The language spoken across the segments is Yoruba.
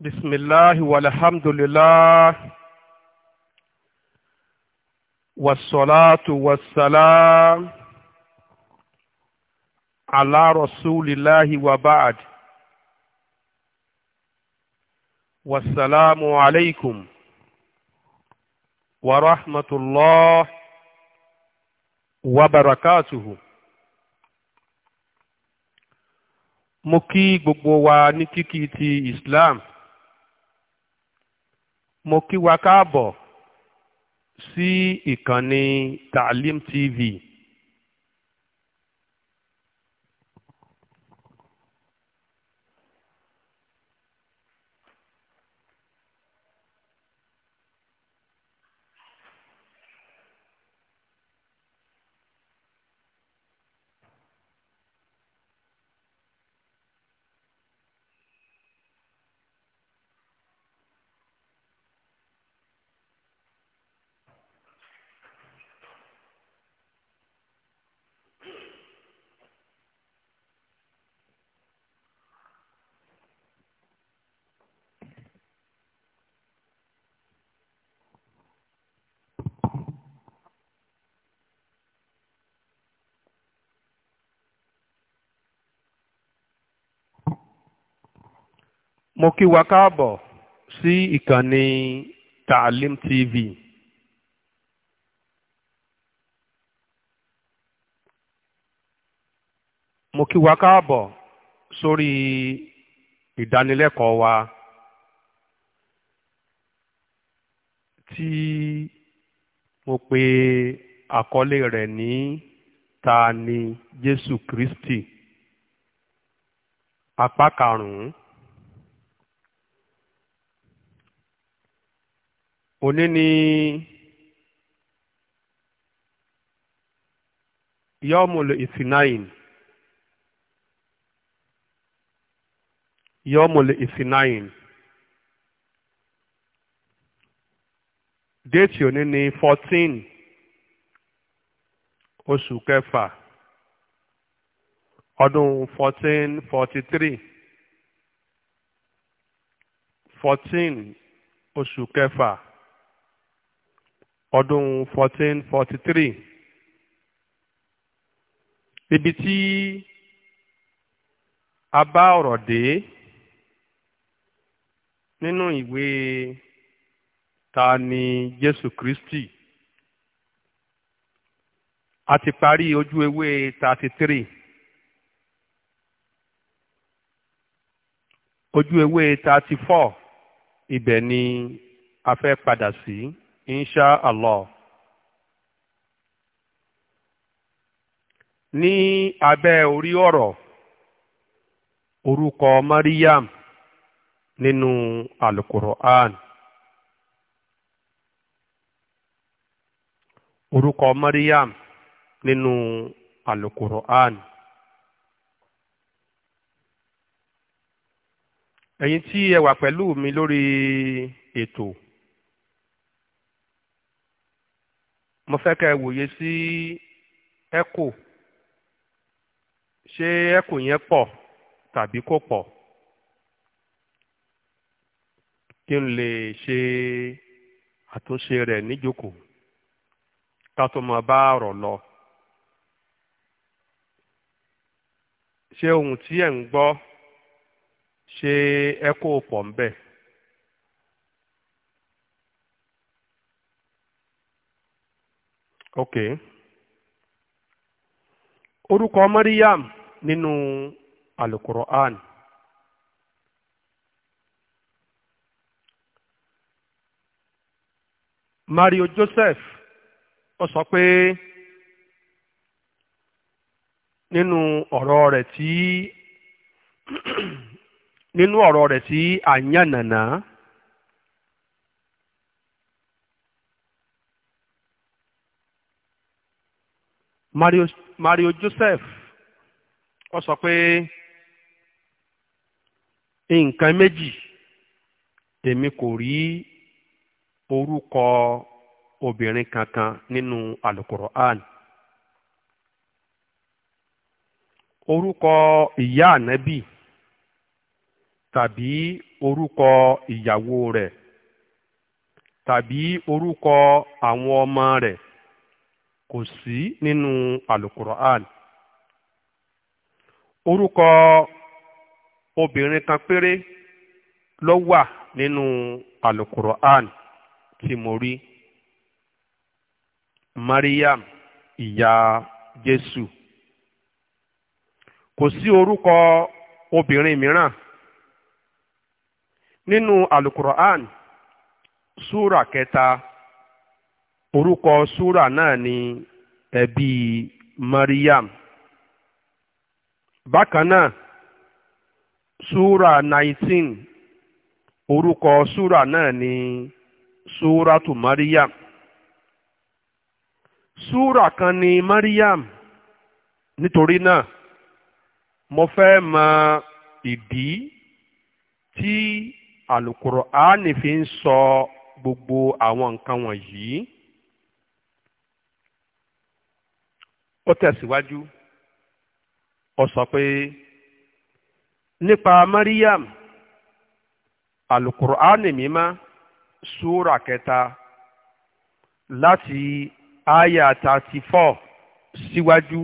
بسم الله والحمد لله والصلاة والسلام على رسول الله وبعد والسلام عليكم ورحمة الله وبركاته مكي kí gbogbo wa ní kíkí mo kí wa káàbọ̀ sí ìkànnì Taalim TV mo kí wa káàbọ̀ sí ìkànnì Taalim TV. mo kí wa káàbọ̀ sórí ìdánilẹ́kọ̀ọ́ wa tí mo pè àkọlé rẹ̀ ní ta ni Jésù Kristi apá karùn-ún òní ni yọ́mùlù ìsìnáìn yọ́mùlù ìsìnáìn déètì òní ni fourteen oṣù kẹfà ọdún fourteen forty three fourteen oṣù kẹfà ọdún 1443 ibi tí a bá ọ̀rọ̀ dé nínú ìwé ta ni Jésù Kristi a ti parí ojú ewé 33 ojú ewé 34 ibẹ̀ ni a fẹ́ padà sí. Si. insha allah ní abẹ́ orí ọ̀rọ̀ orúkọ Maryam nínú alukur'an orúkọ Maryam nínú alukur'an ẹ̀yin tí ẹ wà pẹ̀lú mi lórí ètò. mo fẹ́ ká ẹ wòye sí echo ṣé echo yẹn pọ̀ tàbí kò pọ̀ kí n lè ṣe àtúnṣe rẹ̀ níjókòó ká tó máa bá ọ̀rọ̀ lọ. ṣé ohun tí ẹ̀ ń gbọ́ ṣé echo pọ̀ ń bẹ̀? ok orúkọ Maryam nínú alukur'an Mario Joseph ọ sọ pé nínú ọ̀rọ̀ rẹ̀ tí nínú ọ̀rọ̀ rẹ̀ tí àyànnànà. Si Mario, Joseph ó sọ pé nǹkan méjì èmi kò rí orúkọ obìnrin kankan nínú alukur'an orúkọ ìyá ànẹ́bì tàbí orúkọ ìyàwó rẹ̀ tàbí orúkọ àwọn ọmọ rẹ̀ kò sí nínú alukur'an orúkọ obìnrin kan péré ló wà nínú alukur'an tí mo rí Mariam ìyá Jésù kò sí orúkọ obìnrin mìíràn nínú alukur'an súrà kẹta. orúkọ súrà náà ni ẹbí Maryam bákan náà súrà 19 orúkọ súrà náà ni súràtù Maryam súrà kan ni Maryam nítorí náà mo fẹ́ mọ ìdí tí Àlùkùránì fi ń sọ gbogbo àwọn nǹkan wọ̀nyí. ó tẹ̀síwájú ó sọ pé nípa Mariam alukur'ani mímá súra kẹta láti aya thirty four síwájú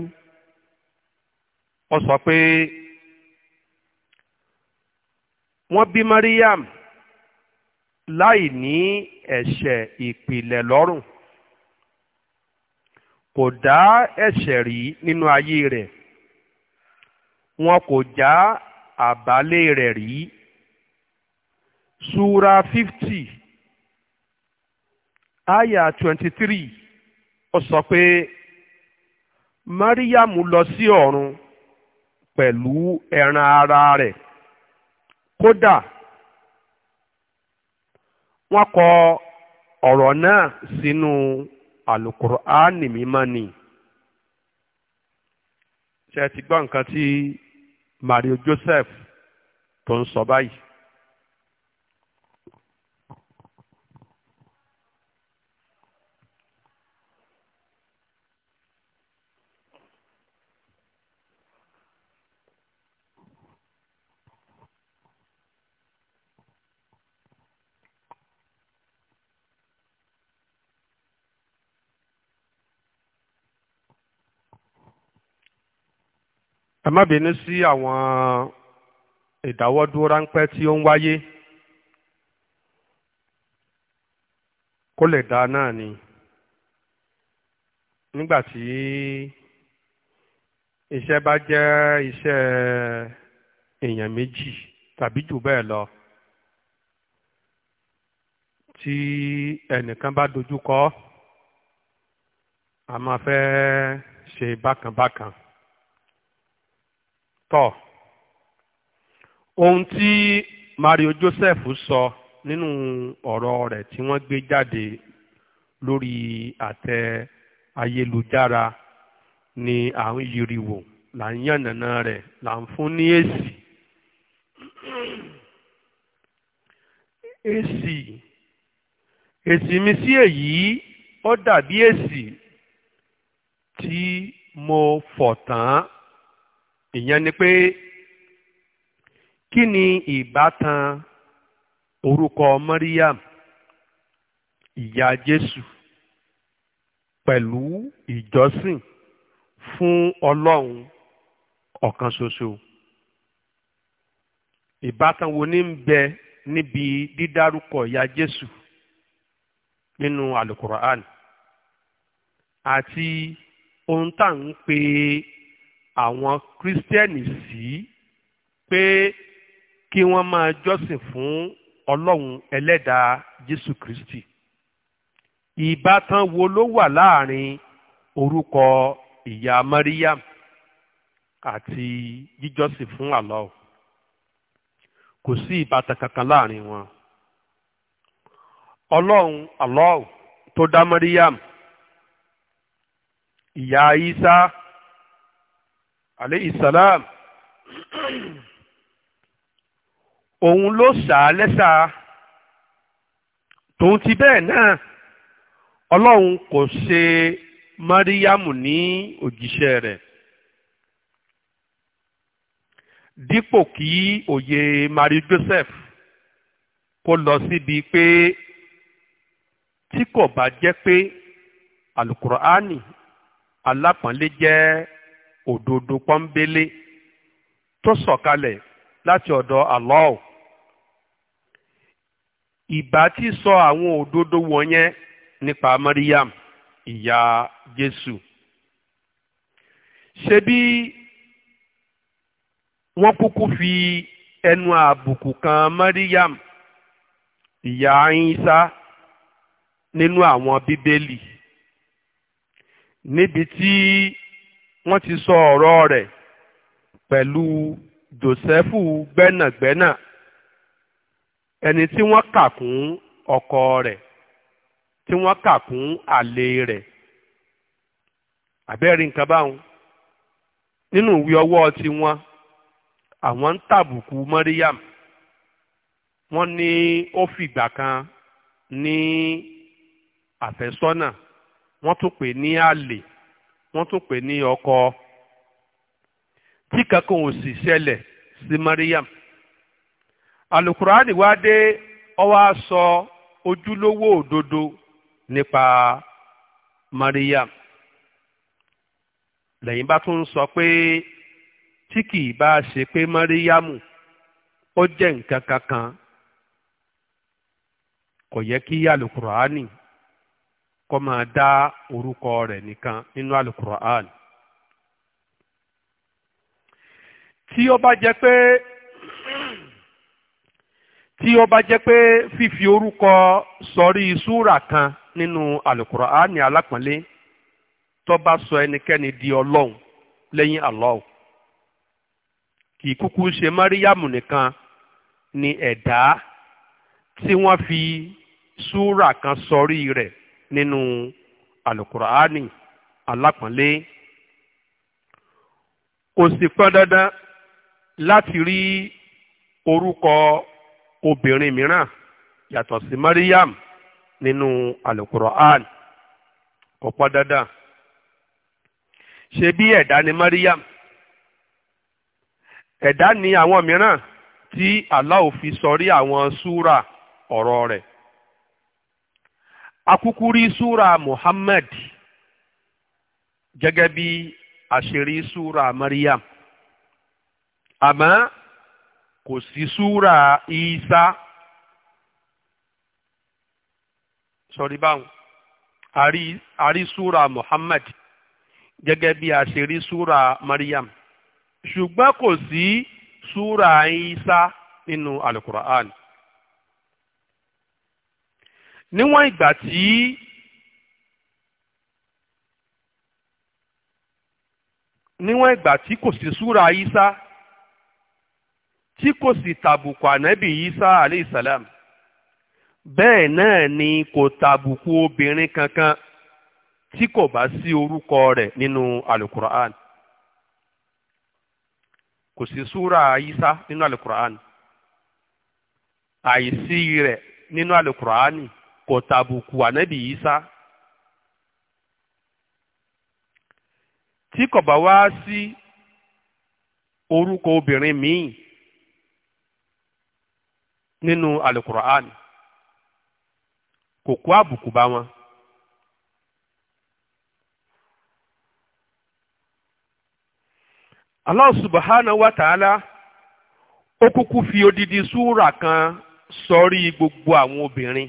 ó sọ pé wọ́n bí Mariam láì ní ẹ̀ṣẹ̀ ìpìlẹ̀ lọ́rùn kò dá ẹ̀ṣẹ̀ rí nínú ayé rẹ̀ wọn kò já àbálé rẹ̀ rí sura fifty aya twenty three ó sọ pé mariam lọ sí ọ̀run pẹ̀lú ẹran ara rẹ̀ kódà wọn kọ ọ̀rọ̀ náà sínú alukur'ani mímọ́ ni ṣe ti gbọ́ nǹkan tí Mario Joseph tó ń sọ báyìí ẹ má bínú sí àwọn ìdáwọ́dúró ráńpẹ́ tí ó ń wáyé kó lè dáa náà ni nígbà tí iṣẹ́ bá jẹ́ iṣẹ́ èèyàn méjì tàbí jù bẹ́ẹ̀ lọ tí ẹnìkan bá dojú kọ a máa fẹ́ ṣe bákan bákan. tọ́ ohun tí Mario Joseph sọ nínú ọ̀rọ̀ rẹ̀ tí wọ́n gbé jáde lórí àtẹ ayélujára ni à ń yiri là ń yànnàná rẹ̀ là ń fún ní èsì èsì èsì mi sí èyí ó dàbí èsì tí mo fọ̀ tán ìyẹn ni pé kí ni ìbátan orúkọ Mariam ìyá Jésù pẹ̀lú ìjọsìn fún Ọlọ́run ọ̀kan ṣoṣo ìbátan wo ní ń bẹ níbi dídárúkọ ìyá Jésù nínú Àlùkùránì àti ohun tá à ń pè é àwọn kírísítẹ́nì sí pé kí wọ́n máa jọ́sìn fún ọlọ́run ẹlẹ́dàá jésù kristi ìbátan wo ló wà láàrin orúkọ ìyá mariam àti jíjọ́sìn fún Allah kò sí ìbátan kankan láàrin wọn ọlọ́run Allah tó dá mariam ìyá isa alayhi salam òun ló sà á lẹ́sà tòun ti bẹ́ẹ̀ náà ọlọ́run kò ṣe máríyámù ní òjíṣẹ́ rẹ̀ dípò kí òye marie joseph kó lọ síbi pé tí kò bá jẹ́ pé alukur'ani alápọ̀nlé jẹ́ òdodo pọ́nbélé tó sọ̀kalẹ̀ láti ọ̀dọ̀ Allah ìbá tí sọ àwọn òdodo wọ̀nyẹn nípa Mariam ìyá Jésù bí wọ́n kúkú fi ẹnu àbùkù kan Mariam ìyá Ìsá nínú àwọn bíbélì níbi tí wọ́n ti sọ ọ̀rọ̀ rẹ̀ pẹ̀lú jòsẹ́fù gbẹ́nàgbẹ́nà ẹni tí wọ́n kà kún ọkọ rẹ̀ tí wọ́n kà kún àlè rẹ̀ àbẹ́rẹ́ nǹkan báwọn nínú ìwé ọwọ́ tiwọn àwọn ń tàbùkù Mariam wọ́n ní ó fìgbà kan ní àfẹ́sọ́nà wọ́n tún pè ní àlè. wọ́n tún pè ní ọkọ tí kankan ò sì ṣẹlẹ̀ sí Mariam alukurani wá dé ó sọ ojúlówó òdodo nípa Mariam lẹ́yìn bá tún sọ pé tí kìí bá ṣe pé Mariamu ó jẹ́ nǹkan kankan kò yẹ kí alukurani kó máa dá orúkọ rẹ̀ nìkan nínú alukur'an tí ó bá jẹ́ pé tí ó bá jẹ́ pé fífi orúkọ sọrí súrà kan nínú alukur'an alápọ̀nlé tó bá sọ ẹnikẹ́ni di ọlọ́run lẹ́yìn Allah kì í kúkú ṣe Máríyámù nìkan ni ẹ̀dá tí wọ́n fi súrà kan sọrí rẹ̀ nínú alukur'ani alápọ̀nlé kò sì pọn dandan láti rí orúkọ obìnrin mìíràn yàtọ̀ sí Mariam nínú alukur'ani kò pọn dandan ṣe bí ẹ̀dá ni Mariam ẹ̀dá ni àwọn mìíràn tí Allah fi sọrí àwọn súra ọ̀rọ̀ rẹ̀ akúkúrí súra Muhammad gẹ́gẹ́ bí àṣírí súra Maryam àmọ́ kò sí súra Isa sọrí báwọn àrí àrí súra Muhammad gẹ́gẹ́ bí àṣírí súra Maryam ṣùgbọ́n kò sí súra Isa nínú alukur'an níwọ̀n ìgbà tí níwọ̀n ìgbà tí kò sí súra Isa tí kò sì tàbùkù ànábì Isa aleyhi salam bẹ́ẹ̀ náà ni kò tàbùkù obìnrin kankan tí kò bá sí orúkọ rẹ̀ nínú alukur'an kò sí súra Isa nínú alukur'an àìsí rẹ̀ nínú alukur'ani. kò tàbùkù ànábì Ìsá tí kò wá sí orúkọ obìnrin míì nínú alukur'an kò kó àbùkù bá wọn. Allah subhanahu wa ta'ala ó kúkú fi odidi súra kan sọrí gbogbo àwọn obìnrin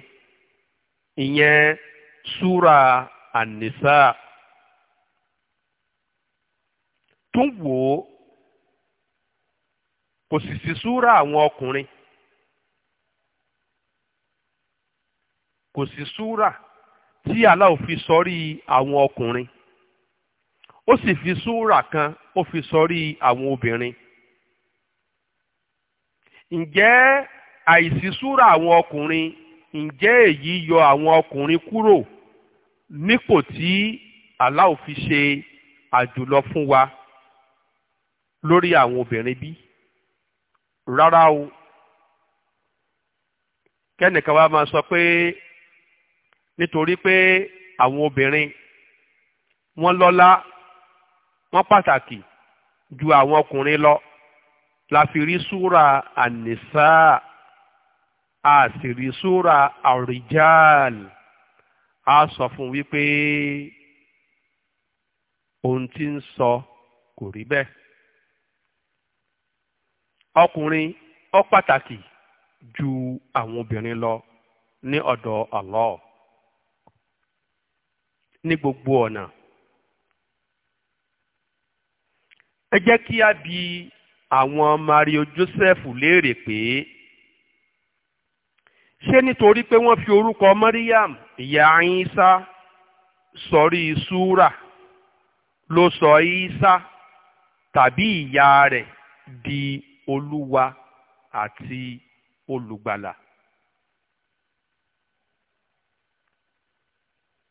ìyẹn súra ànísà tún wò ó kò sì sí súra àwọn ọkùnrin kò sí súra tí aláwo fi sọrí àwọn ọkùnrin ó sì fi súra kan ó fi sọrí àwọn obìnrin ǹjẹ́ àìsí súra àwọn ọkùnrin ǹjẹ́ èyí yọ àwọn ọkùnrin kúrò nípò tí aláwo fi ṣe àjùlọ fún wa lórí àwọn obìnrin bí rárá o kẹ́nìkan wa máa sọ pé nítorí pé àwọn obìnrin wọ́n lọ́lá wọ́n pàtàkì ju àwọn ọkùnrin lọ la fi rí súra ànísáà a sì rí súra àrìjáàl a sọ fún wípé ohun tí ń sọ kò rí bẹ́ẹ̀ ọkùnrin ó pàtàkì ju àwọn obìnrin lọ ní ọ̀dọ̀ Allah ní gbogbo ọ̀nà. ẹ jẹ́ kí a bi àwọn Mario Joseph léèrè pé ṣé nítorí pé wọ́n fi orúkọ Mariam ìyá Ìsá sọrí súrà ló sọ Ìsá tàbí ìyá rẹ̀ di olúwa àti olùgbàlà.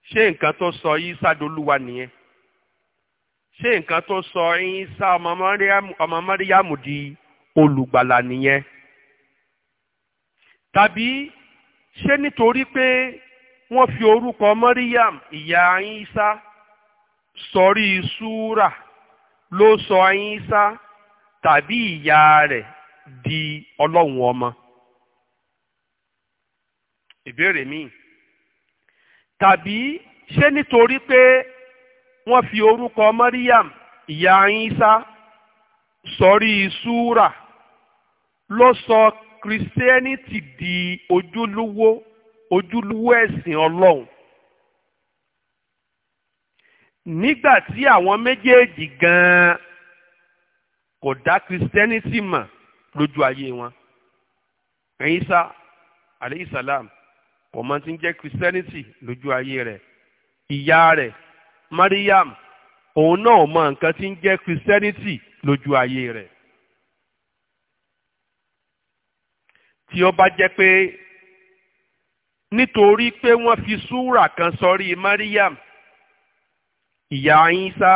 ṣé nǹkan tó sọ Ìsá dolúwa nìyẹn ṣé nǹkan tó sọ Ìsá ọmọ Mariam di olùgbàlà nìyẹn tàbí ṣé nítorí pé wọ́n fi orúkọ Mọ́ríyàm ìyá Ìsá sọrí súrà ló sọ Ìsá tàbí ìyá rẹ̀ di ọlọ́run ọmọ. ìbéèrè mi tàbí ṣé nítorí pé wọ́n fi orúkọ Mọ́ríyàm ìyá Ìsá sọrí súrà ló sọ Christianity di ojúlówó ojúlówó ẹ̀sìn ọlọ́run nígbà tí àwọn méjèèjì gan-an kò dá kristiẹni sí mọ̀ lójú ayé wọn ẹ̀yin sá salam kò mọ tí ń jẹ́ christianity lójú ayé rẹ̀ ìyá rẹ̀ mariam òun náà mọ nǹkan tí ń jẹ́ christianity lójú ayé rẹ̀. tí ó bá jẹ́ pé nítorí pé wọ́n fi súrà kan sọrí Mariam ìyá ayínsá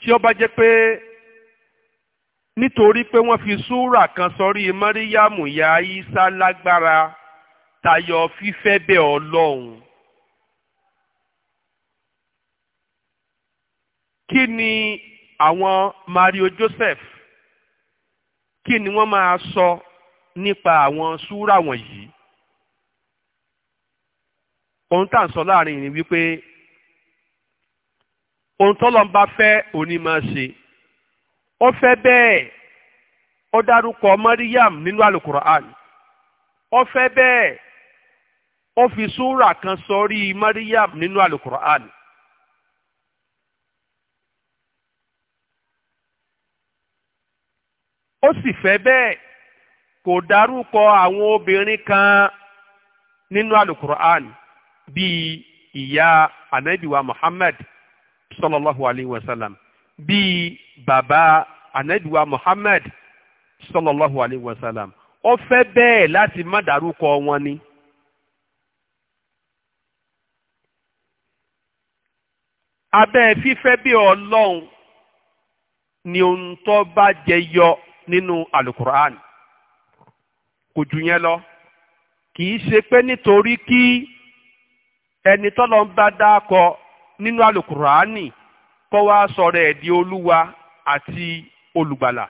tí ó bá jẹ́ pé nítorí pé wọ́n fi súrà kan sọrí Mariam ìyá ayínsá lágbára tayọ fífẹ́ bẹ́ẹ̀ ọlọ́run. kí ni àwọn Mario Joseph kí ni wọ́n máa sọ nípa àwọn súrà wọ̀nyí ohun tá à ń sọ láàrin ni wípé ohun tọ́lọ́n bá fẹ́ òní máa ṣe ó fẹ́ bẹ́ẹ̀ ó dárúkọ Mariam nínú alukur'an ó fẹ́ bẹ́ẹ̀ ó fi súrà kan sọrí Mariam nínú alukur'an ó sì fẹ́ bẹ́ẹ̀ kò dárúkọ àwọn obìnrin kan nínú alukur'an bíi ìyá anabiwa muhammad sallallahu alayhi wa sallam bíi bàbá anabiwa muhammad sallallahu alayhi wa sallam ó fẹ́ bẹ́ẹ̀ láti má dárúkọ wọn ni. abẹ́ fífẹ́ bí ọlọ́run ni ohun tó bá jẹ yọ nínú alukur'an kò jù yẹn lọ kì í ṣe pé nítorí kí ẹni tọ́lọ́ ń bá dákọ nínú alukur'ani kọ́ wá sọ̀rọ̀ ẹ̀ di olúwa àti olùgbàlà.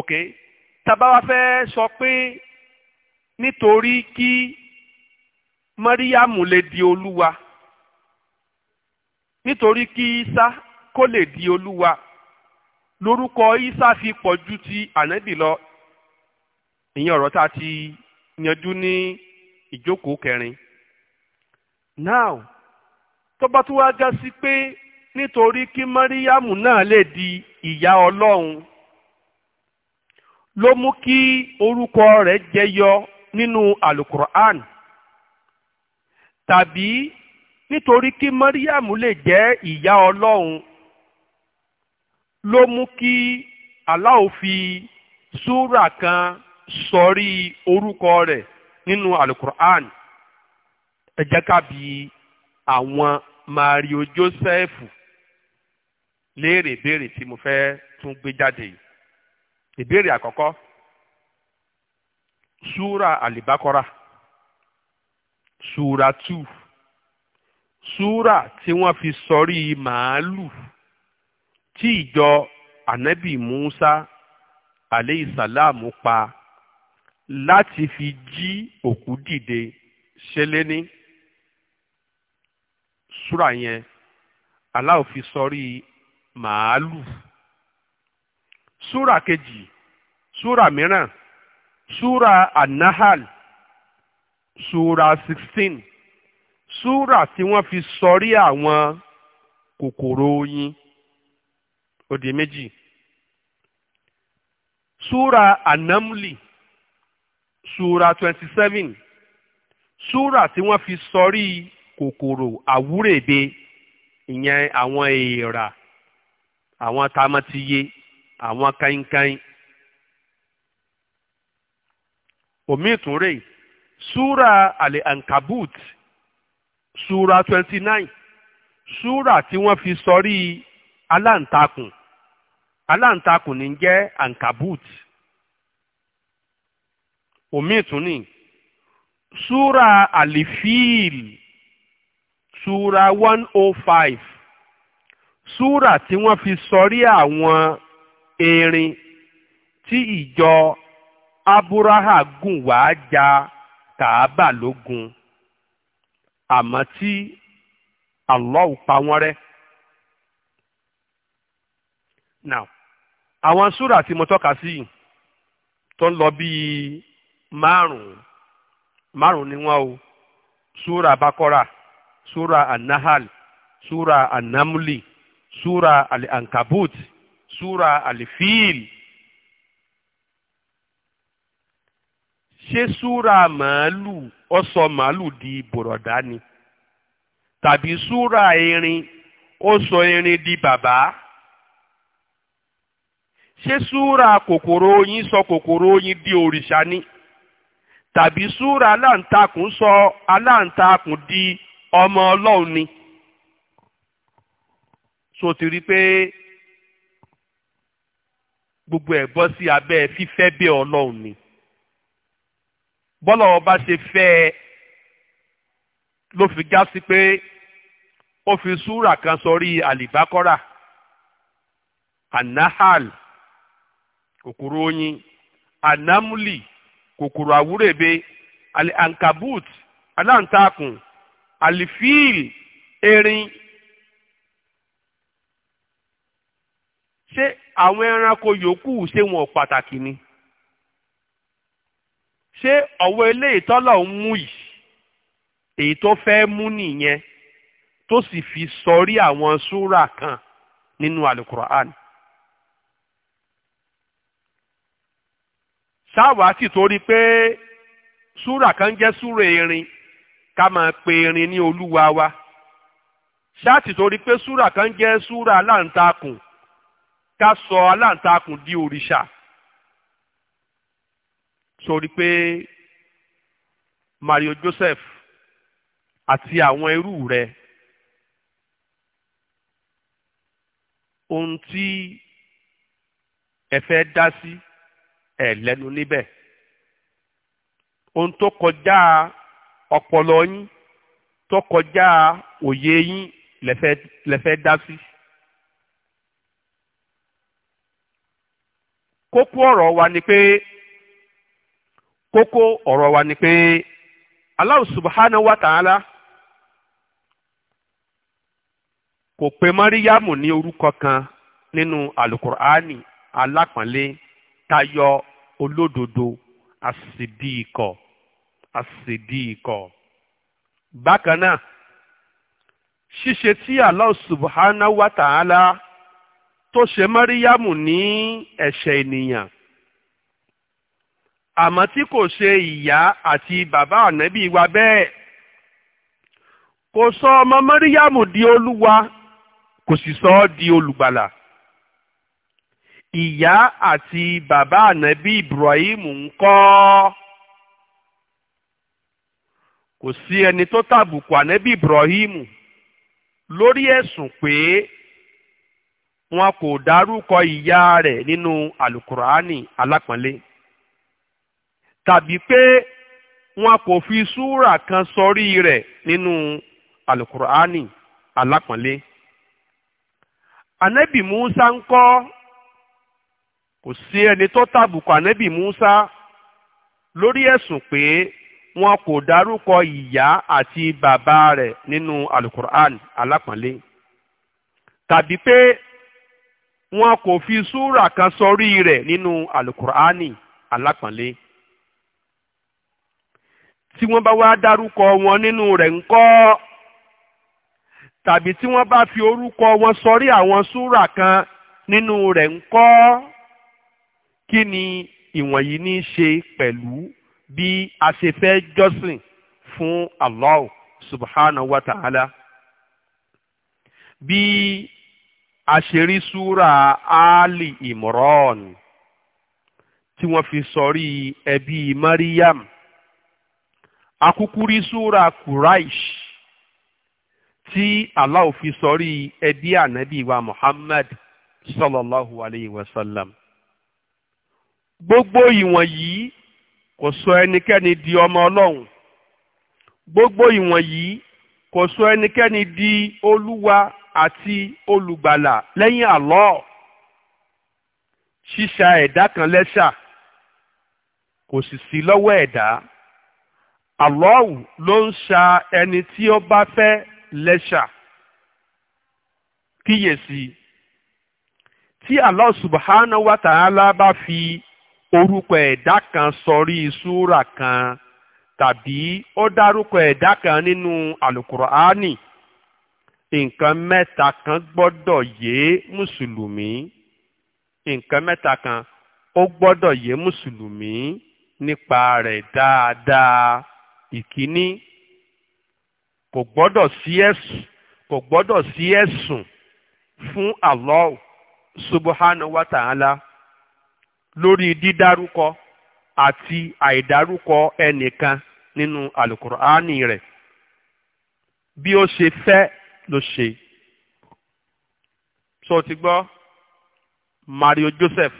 ok tabawa fẹ́ sọ pé nítorí kí mọ́ríyàmù lè di olúwa nítorí kí sá kó lè di olúwa lórúkọ isa fi pọ̀ ju ti ànábì lọ ìyẹn ọ̀rọ̀ tá a ti yanjú ní ìjókòó kẹrin now tó bá tún wá já sí pé nítorí kí mọ́ríyámù náà lè di ìyá ọlọ́run ló mú kí orúkọ rẹ̀ jẹyọ nínú alukur'an tàbí nítorí kí mọ́ríyámù lè jẹ́ ìyá ọlọ́run ló mú kí Allah fi súrà kan sọrí orúkọ rẹ̀ nínú alukur'an ẹ jẹ́ àwọn Mario Joseph léèrè ìbéèrè tí mo fẹ́ tún gbé jáde yìí ìbéèrè àkọ́kọ́ súrà àlìbákọ́ra súrà two súrà tí wọ́n fi sọrí màálù tí ìjọ ànábì Musa aleyhisalamu pa láti fi jí òkú dìde ṣẹlẹ̀ ní súrà yẹn aláwọ̀ fi sọrí màálù súrà kejì súrà mìíràn súrà anahal súrà sixteen súrà tí wọ́n fi sọrí àwọn kòkòrò oyin ó di méjì anamli Sura twenty seven Sura tí wọ́n fi sọrí kòkòrò àwúrèbe ìyẹn àwọn èèrà àwọn tamatiye àwọn kainkain omi ìtúnrè Sura àlè ankabut súra twenty nine Sura tí wọ́n fi sọrí aláǹtakùn aláǹtakùn ní jẹ́ ankabut omi ìtúnì súra àlìfíìl súra one oh five súra tí wọ́n fi sọrí àwọn erin tí ìjọ abúráhà gùn wá ja kàábà lógun àmọ́ tí Allah pa wọ́n rẹ́. Now, àwọn súrà tí mo tọ́ka sí tó ń lọ bíi márùn-ún márùn-ún ni wọ́n o súrà bakora sura anahal sura anamuli sura al-ankabut súrà al-fil ṣé súrà màálù ó sọ màálù di bòrọ̀dá ni tàbí súrà erin ó sọ erin di bàbá. ṣé súra kòkòrò oyin sọ kòkòrò oyin di òrìṣà ni tàbí súra aláǹtakùn sọ aláǹtakùn di ọmọ ọlọ́run ni so ti pé gbogbo ẹ̀ bọ́ sí abẹ́ fífẹ́ bẹ́ ọlọ́run ni bọ́lá ọba ṣe fẹ́ ẹ ló fi já sí pé ó fi súra kan sọrí àlìbákọ́rà anahal. kòkòrò oyin anamuli kòkòrò àwúrèbe ali ankabut aláǹtakùn alifiil erin ṣé àwọn ẹranko yòókù ṣé wọn pàtàkì ni ṣé ọ̀wọ́ eléyìí tọ́lọ̀ ń mú yìí èyí tó fẹ́ mú nìyẹn tó sì fi sọrí àwọn súrà kan nínú alukur'an. táwa sì torí pé súrà kan jẹ́ súrà erin ká máa pe erin ní olúwa wa ṣáàtì torí pé súrà kan jẹ́ súrà aláǹtakùn ká sọ aláǹtakùn di òrìṣà sórí pé Mario Joseph àti àwọn irú rẹ̀ ohun tí ẹ fẹ́ dá sí. Si ẹ̀ lẹ́nu níbẹ̀ ohun tó kọjá ọpọlọ yín tó kọjá òye yín lẹ́fẹ́ dá sí. kókó ọ̀rọ̀ wa ni pé kókó ọ̀rọ̀ wa ni pé Allah subhanahu wa ta'ala kò pe Mariamu ní orúkọ kan nínú alukur'ani alápọ̀nlé tayọ olódodo àsìdí ikọ̀ àsìdí ikọ̀. bákan náà ṣíṣe tí Allah subhanahu wa ta'ala tó ṣe Máríyámù ní ẹ̀ṣẹ̀ ènìyàn àmọ́ tí kò ṣe ìyá àti bàbá ànábì wa bẹ́ẹ̀ kò sọ ọmọ Máríyámù di olúwa kò sì sọ ọ́ di olùgbàlà. ìyá àti bàbá ànábì Ibrahim ń kọ́ kò sí ẹni tó tàbùkù ànábì Ibrahim lórí ẹ̀sùn pé wọn kò dárúkọ ìyá rẹ̀ nínú alukurani alápọ̀nlé tàbí pé wọn kò fi súrà kan sọrí rẹ̀ nínú alukurani alápọ̀nlé ànábì Musa ń kọ́ kò sí ẹni tó tàbùkù ànábì Musa lórí ẹ̀sùn pé wọn kò dárúkọ ìyá àti bàbá rẹ̀ nínú alukur'an alápọ̀nlé tàbí pé wọn kò fi súrà kan sọrí rẹ̀ nínú alukur'ani alápọ̀nlé tí wọ́n bá wá dárúkọ wọn nínú rẹ̀ ńkọ́ tàbí tí wọ́n bá fi orúkọ wọn sọrí àwọn súrà kan nínú rẹ̀ ńkọ́ kí ni ìwọ̀nyí ní í ṣe pẹ̀lú bí a ṣe fẹ́ jọ́sìn fún Allah subhanahu wa ta'ala bí a súra Ali Imran tí wọ́n fi sọrí ẹbí Maryam akúkúrí súra Quraish tí Allah fi sọrí ẹbí ànábì wa Muhammad sallallahu alayhi wa sallam gbogbo ìwọ̀nyí kò sọ ẹnikẹ́ni di ọmọ ọlọ́run gbogbo ìwọ̀nyí kò sọ ẹnikẹ́ni di olúwa àti olùgbàlà lẹ́yìn àlọ́ ṣíṣà ẹ̀dá kan lẹ́ṣà kò sì sí lọ́wọ́ ẹ̀dá àlọ́ọ̀hù ló ń ṣa ẹni tí ó bá fẹ́ lẹ́ṣà kíyèsí tí Allah subhanahu wa ta'ala bá fi orúkọ ẹ̀dá kan sọrí súrà kan tàbí ó dárúkọ ẹ̀dá kan nínú àlùkùránì nǹkan mẹ́ta kan gbọ́dọ̀ yé mùsùlùmí nǹkan mẹ́ta kan ó gbọ́dọ̀ yé mùsùlùmí nípa rẹ̀ dáadáa ìkíní kò gbọ́dọ̀ sí ẹ̀sùn kò gbọ́dọ̀ sí ẹ̀sùn fún Allah subhanahu wa lórí dídárúkọ àti àìdárúkọ ẹnìkan nínú àlùkùránì rẹ̀ bí ó ṣe fẹ́ ló ṣe. sọ ti gbọ́ Mario Joseph